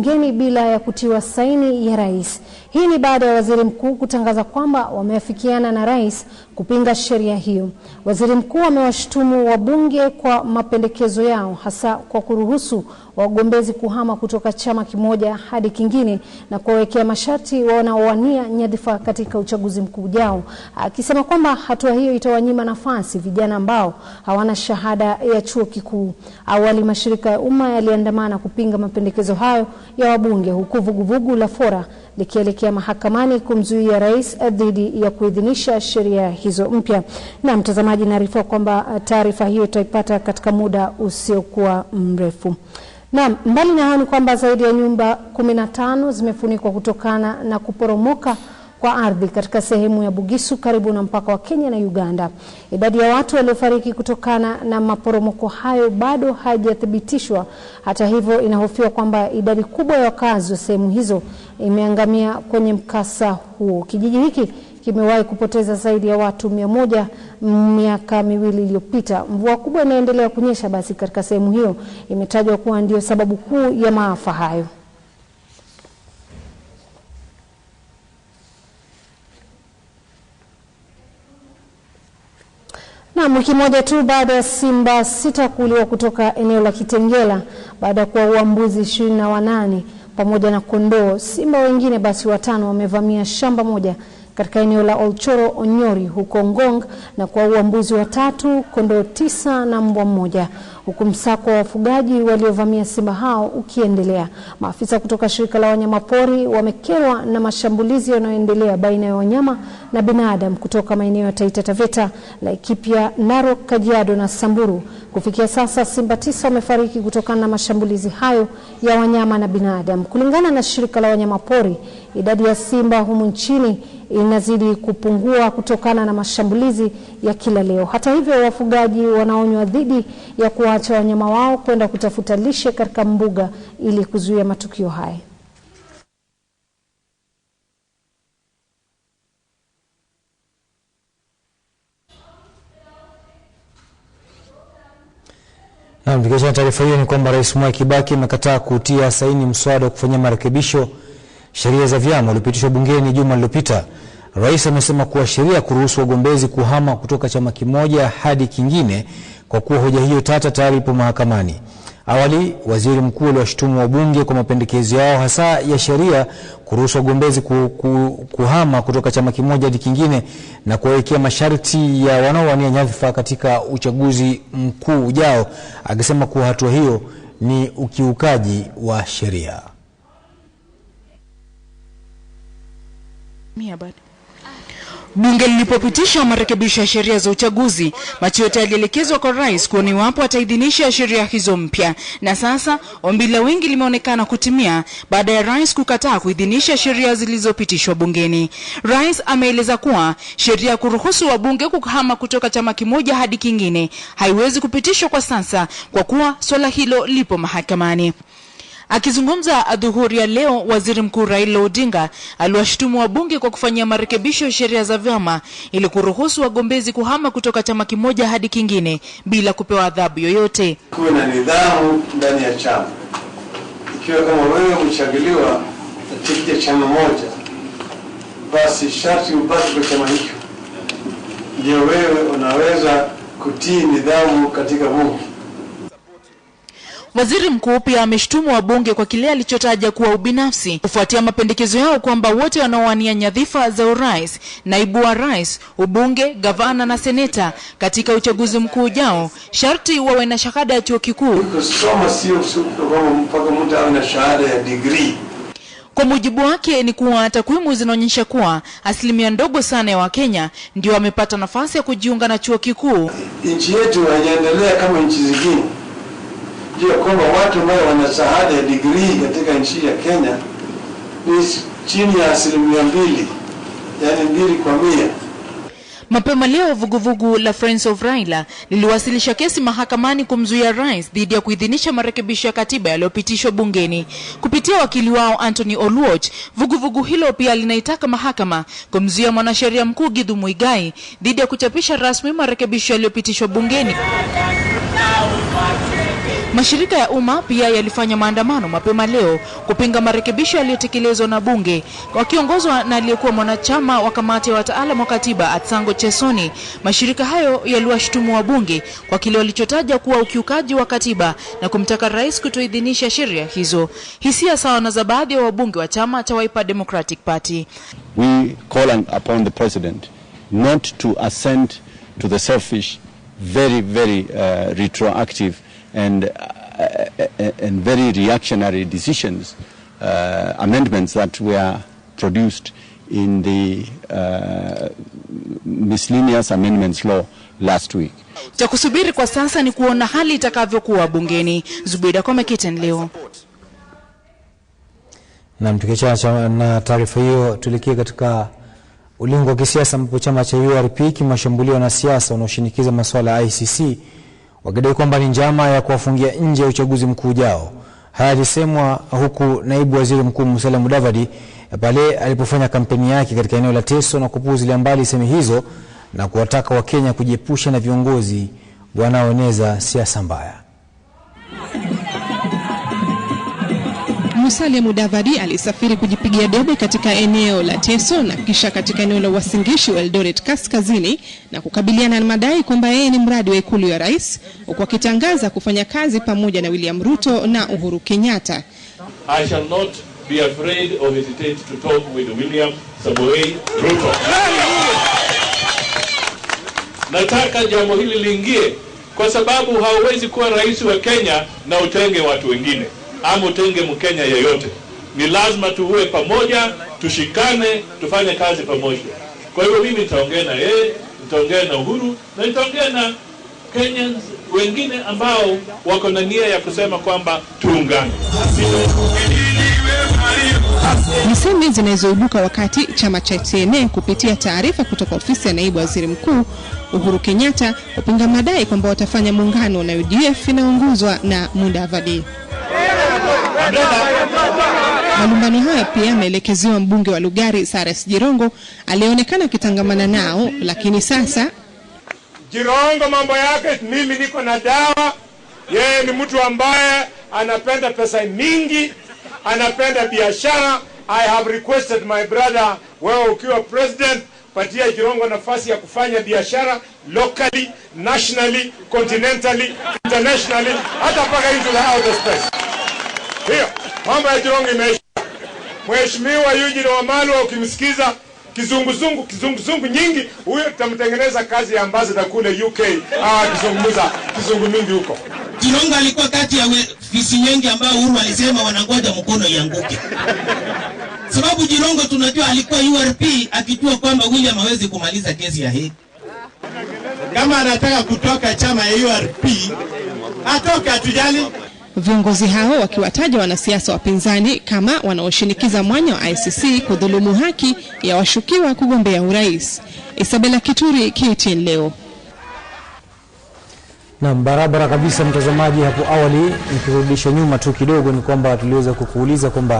ngeni bila ya kutiwa saini ya rais. Hii ni baada ya waziri mkuu kutangaza kwamba wameafikiana na rais kupinga sheria hiyo. Waziri mkuu amewashutumu wabunge kwa mapendekezo yao, hasa kwa kuruhusu wagombezi kuhama kutoka chama kimoja hadi kingine na kuwawekea masharti wanaowania nyadhifa katika uchaguzi mkuu ujao, akisema kwamba hatua hiyo itawanyima nafasi vijana ambao hawana shahada ya chuo kikuu. Awali mashirika ya umma yaliandamana kupinga mapendekezo hayo ya wabunge huku vuguvugu la Fora likielekea mahakamani kumzuia rais dhidi ya kuidhinisha sheria hizo mpya. Na mtazamaji, naarifa kwamba taarifa hiyo itaipata katika muda usiokuwa mrefu. Naam, mbali na hayo ni kwamba zaidi ya nyumba 15 zimefunikwa kutokana na kuporomoka kwa ardhi katika sehemu ya Bugisu karibu na mpaka wa Kenya na Uganda. Idadi ya watu waliofariki kutokana na maporomoko hayo bado haijathibitishwa. Hata hivyo, inahofiwa kwamba idadi kubwa ya wakazi wa sehemu hizo imeangamia kwenye mkasa huo. Kijiji hiki kimewahi kupoteza zaidi ya watu mia moja miaka miwili iliyopita. Mvua kubwa inaendelea kunyesha basi katika sehemu hiyo imetajwa kuwa ndio sababu kuu ya maafa hayo. Na wiki moja tu baada ya simba sita kuuliwa kutoka eneo la Kitengela baada ya kuwaua mbuzi ishirini na wanane pamoja na kondoo, simba wengine basi watano wamevamia shamba moja katika eneo la Olchoro Onyori huko Ngong na kuwaua mbuzi watatu, kondoo tisa na mbwa mmoja huku msako wa wafugaji waliovamia simba hao ukiendelea. Maafisa kutoka shirika la wanyamapori wamekerwa na mashambulizi yanayoendelea baina ya wanyama na binadamu kutoka maeneo ya Taita Taveta, Laikipia, Narok, Kajiado na Samburu. Kufikia sasa simba tisa wamefariki kutokana na mashambulizi hayo ya wanyama na binadamu. Kulingana na shirika la wanyamapori, idadi ya simba humu nchini inazidi kupungua kutokana na mashambulizi ya kila leo. Hata hivyo, wafugaji wanaonywa dhidi ya kuwa kuacha wanyama wao kwenda kutafuta lishe katika mbuga ili kuzuia matukio haya. Tukiacha taarifa hiyo, ni kwamba Rais Mwai Kibaki amekataa kutia saini mswada wa kufanyia marekebisho sheria za vyama uliopitishwa bungeni juma lililopita. Rais amesema kuwa sheria kuruhusu wagombezi kuhama kutoka chama kimoja hadi kingine kwa kuwa hoja hiyo tata tayari ipo mahakamani. Awali waziri mkuu aliwashutumu wabunge kwa mapendekezo yao hasa ya sheria kuruhusu wagombezi kuhama kutoka chama kimoja hadi kingine na kuwawekea masharti ya wanaowania nyadhifa katika uchaguzi mkuu ujao, akisema kuwa hatua hiyo ni ukiukaji wa sheria. Bunge lilipopitisha marekebisho ya sheria za uchaguzi, macho yote yalielekezwa kwa rais kuona iwapo ataidhinisha sheria hizo mpya, na sasa ombi la wengi limeonekana kutimia baada ya rais kukataa kuidhinisha sheria zilizopitishwa bungeni. Rais ameeleza kuwa sheria ya kuruhusu wabunge kuhama kutoka chama kimoja hadi kingine haiwezi kupitishwa kwa sasa kwa kuwa swala hilo lipo mahakamani. Akizungumza adhuhuri ya leo, waziri mkuu Raila Odinga aliwashutumu wabunge kwa kufanyia marekebisho ya sheria za vyama ili kuruhusu wagombezi kuhama kutoka chama kimoja hadi kingine bila kupewa adhabu yoyote. Kuwe na nidhamu ndani ya chama. Ikiwa kama wewe umechaguliwa katika chama moja, basi sharti upate kwa chama hicho, ndio wewe unaweza kutii nidhamu katika bunge. Waziri mkuu pia ameshtumu wabunge kwa kile alichotaja kuwa ubinafsi kufuatia mapendekezo yao kwamba wote wanaowania nyadhifa za urais, naibu wa rais, ubunge, gavana na seneta katika uchaguzi mkuu ujao sharti wawe na shahada ya chuo kikuu. Kwa mujibu wake ni kuwa takwimu zinaonyesha kuwa asilimia ndogo sana ya Wakenya ndio wamepata nafasi ya kujiunga na chuo kikuu. Nchi yetu haijaendelea kama nchi zingine ya kwamba watu ambao wana shahada ya degree katika nchi ya Kenya ni chini ya asilimia mbili, yani mbili kwa mia. Mapema leo vuguvugu la Friends of Raila liliwasilisha kesi mahakamani kumzuia rais dhidi ya kuidhinisha marekebisho ya katiba yaliyopitishwa bungeni. Kupitia wakili wao Anthony Oluoch, vuguvugu hilo pia linaitaka mahakama kumzuia mwanasheria mkuu gidhu Muigai dhidi ya kuchapisha rasmi marekebisho yaliyopitishwa bungeni. Mashirika ya umma pia yalifanya maandamano mapema leo kupinga marekebisho yaliyotekelezwa na bunge wakiongozwa na aliyekuwa mwanachama wa kamati ya wataalamu wa katiba Atsango Chesoni. Mashirika hayo yaliwashutumu wabunge kwa kile walichotaja kuwa ukiukaji wa katiba na kumtaka rais kutoidhinisha sheria hizo. Hisia sawa na za baadhi ya wabunge wa chama cha Wiper Democratic Party. We calling upon the president not to assent to the selfish very very uh, retroactive and, uh, uh, and very reactionary decisions, uh, amendments that were produced in the uh, miscellaneous amendments law last week. Cha kusubiri kwa sasa ni kuona hali itakavyokuwa bungeni. Zubida Kome, KTN leo. Nam, tukiachana na taarifa hiyo, tuelekee katika ulingo wa kisiasa ambapo chama cha URP kimewashambulia wanasiasa wanaoshinikiza masuala ya ICC wakidai kwamba ni njama ya kuwafungia nje ya uchaguzi mkuu ujao. Haya alisemwa huku naibu waziri mkuu Musalia Mudavadi pale alipofanya kampeni yake katika eneo la Teso na kupuuzilia mbali semi hizo na kuwataka Wakenya kujiepusha na viongozi wanaoeneza siasa mbaya. Musalia Mudavadi alisafiri kujipigia debe katika eneo la Teso na kisha katika eneo la wa Eldoret Kaskazini na kukabiliana na madai kwamba yeye ni mradi wa ikulu ya rais, huku akitangaza kufanya kazi pamoja na William Ruto na Uhuru Kenyatta. I shall not be afraid or hesitate to talk with William Samoei Ruto. Nataka jambo hili liingie kwa sababu hauwezi kuwa rais wa Kenya na utenge watu wengine ama utenge Mkenya yeyote, ni lazima tuwe pamoja, tushikane, tufanye kazi pamoja. Kwa hivyo mimi nitaongea na yeye, nitaongea na Uhuru na nitaongea na Kenyans wengine ambao wako na nia ya kusema kwamba tuungane. Nisemi zinazoibuka wakati chama cha TNA kupitia taarifa kutoka ofisi ya naibu waziri mkuu Uhuru Kenyatta kupinga madai kwamba watafanya muungano na UDF inaongozwa na Mudavadi. Malumbano haya pia yameelekeziwa mbunge wa Lugari Sares Jirongo aliyeonekana akitangamana nao, lakini sasa Jirongo mambo yake, mimi niko na dawa. Yeye ni mtu ambaye anapenda pesa mingi, anapenda biashara. I have requested my brother, wewe ukiwa president, patia Jirongo nafasi ya kufanya biashara locally, nationally, continentally, internationally, hata mpaka into the outer space. Mambo ya Jirongo imeisha. Mheshimiwa Eugene Wamalwa, ukimsikiza kizunguzungu kizunguzungu nyingi, huyo tutamtengeneza kazi ya ambassador kule UK akizungumza ah, kizungu mingi huko. Jirongo alikuwa kati ya visi wengi ambao Uhuru alisema wanangoja mkono ianguke sababu Jirongo tunajua alikuwa URP akijua kwamba William hawezi kumaliza kesi ya hii. Kama anataka kutoka chama ya URP atoke, atujali viongozi hao wakiwataja wanasiasa wapinzani kama wanaoshinikiza mwanya wa ICC kudhulumu haki ya washukiwa kugombea urais. Isabella Kituri, KTN Leo. Nam, barabara kabisa mtazamaji. Hapo awali nikirudisha nyuma tu kidogo, ni kwamba tuliweza kukuuliza kwamba